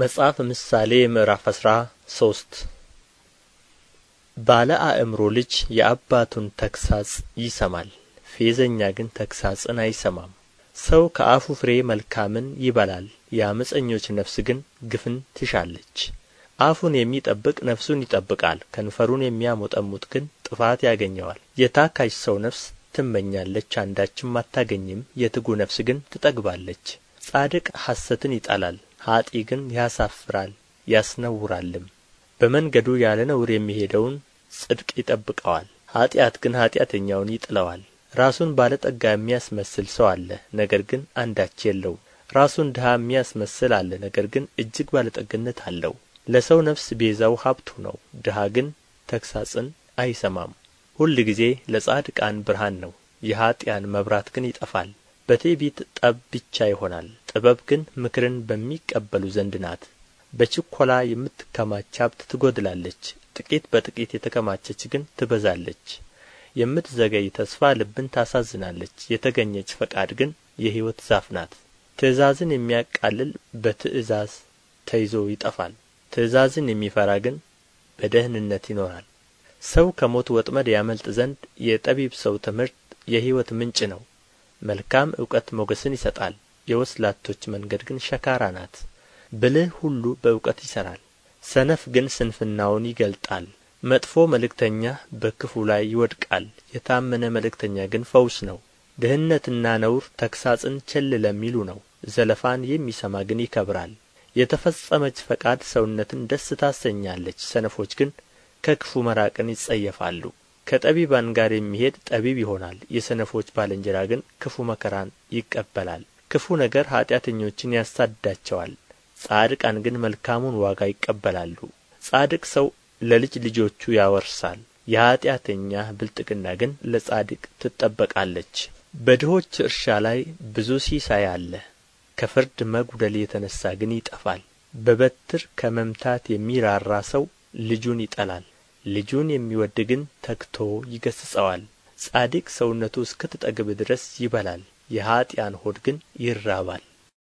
መጽሐፍ ምሳሌ ምዕራፍ አስራ ሶስት ባለ አእምሮ ልጅ የአባቱን ተክሳጽ ይሰማል፣ ፌዘኛ ግን ተክሳጽን አይሰማም። ሰው ከአፉ ፍሬ መልካምን ይበላል፣ የዓመፀኞች ነፍስ ግን ግፍን ትሻለች። አፉን የሚጠብቅ ነፍሱን ይጠብቃል፣ ከንፈሩን የሚያሞጠሙት ግን ጥፋት ያገኘዋል። የታካች ሰው ነፍስ ትመኛለች፣ አንዳችም አታገኝም፣ የትጉ ነፍስ ግን ትጠግባለች። ጻድቅ ሐሰትን ይጠላል ኀጥእ ግን ያሳፍራል ያስነውራልም በመንገዱ ያለ ነውር የሚሄደውን ጽድቅ ይጠብቀዋል ኀጢአት ግን ኀጢአተኛውን ይጥለዋል ራሱን ባለጠጋ የሚያስመስል ሰው አለ ነገር ግን አንዳች የለውም ራሱን ድሃ የሚያስመስል አለ ነገር ግን እጅግ ባለጠግነት አለው ለሰው ነፍስ ቤዛው ሀብቱ ነው ድሃ ግን ተግሣጽን አይሰማም ሁልጊዜ ለጻድቃን ብርሃን ነው የኀጥኣን መብራት ግን ይጠፋል በትዕቢት ጠብ ብቻ ይሆናል፣ ጥበብ ግን ምክርን በሚቀበሉ ዘንድ ናት። በችኰላ የምትከማች ሀብት ትጐድላለች፣ ጥቂት በጥቂት የተከማቸች ግን ትበዛለች። የምትዘገይ ተስፋ ልብን ታሳዝናለች፣ የተገኘች ፈቃድ ግን የሕይወት ዛፍ ናት። ትእዛዝን የሚያቃልል በትእዛዝ ተይዞ ይጠፋል፣ ትእዛዝን የሚፈራ ግን በደህንነት ይኖራል። ሰው ከሞት ወጥመድ ያመልጥ ዘንድ የጠቢብ ሰው ትምህርት የሕይወት ምንጭ ነው። መልካም እውቀት ሞገስን ይሰጣል፣ የወስላቶች መንገድ ግን ሸካራ ናት። ብልህ ሁሉ በእውቀት ይሠራል፣ ሰነፍ ግን ስንፍናውን ይገልጣል። መጥፎ መልእክተኛ በክፉ ላይ ይወድቃል፣ የታመነ መልእክተኛ ግን ፈውስ ነው። ድህነትና ነውር ተግሣጽን ቸል ለሚሉ ነው፣ ዘለፋን የሚሰማ ግን ይከብራል። የተፈጸመች ፈቃድ ሰውነትን ደስ ታሰኛለች፣ ሰነፎች ግን ከክፉ መራቅን ይጸየፋሉ። ከጠቢባን ጋር የሚሄድ ጠቢብ ይሆናል የሰነፎች ባልንጀራ ግን ክፉ መከራን ይቀበላል ክፉ ነገር ኃጢአተኞችን ያሳዳቸዋል። ጻድቃን ግን መልካሙን ዋጋ ይቀበላሉ ጻድቅ ሰው ለልጅ ልጆቹ ያወርሳል የኃጢአተኛ ብልጥግና ግን ለጻድቅ ትጠበቃለች በድሆች እርሻ ላይ ብዙ ሲሳይ አለ ከፍርድ መጉደል የተነሳ ግን ይጠፋል በበትር ከመምታት የሚራራ ሰው ልጁን ይጠላል ልጁን የሚወድ ግን ተግቶ ይገሥጸዋል ጻድቅ ሰውነቱ እስክትጠግብ ድረስ ይበላል የኀጥኣን ሆድ ግን ይራባል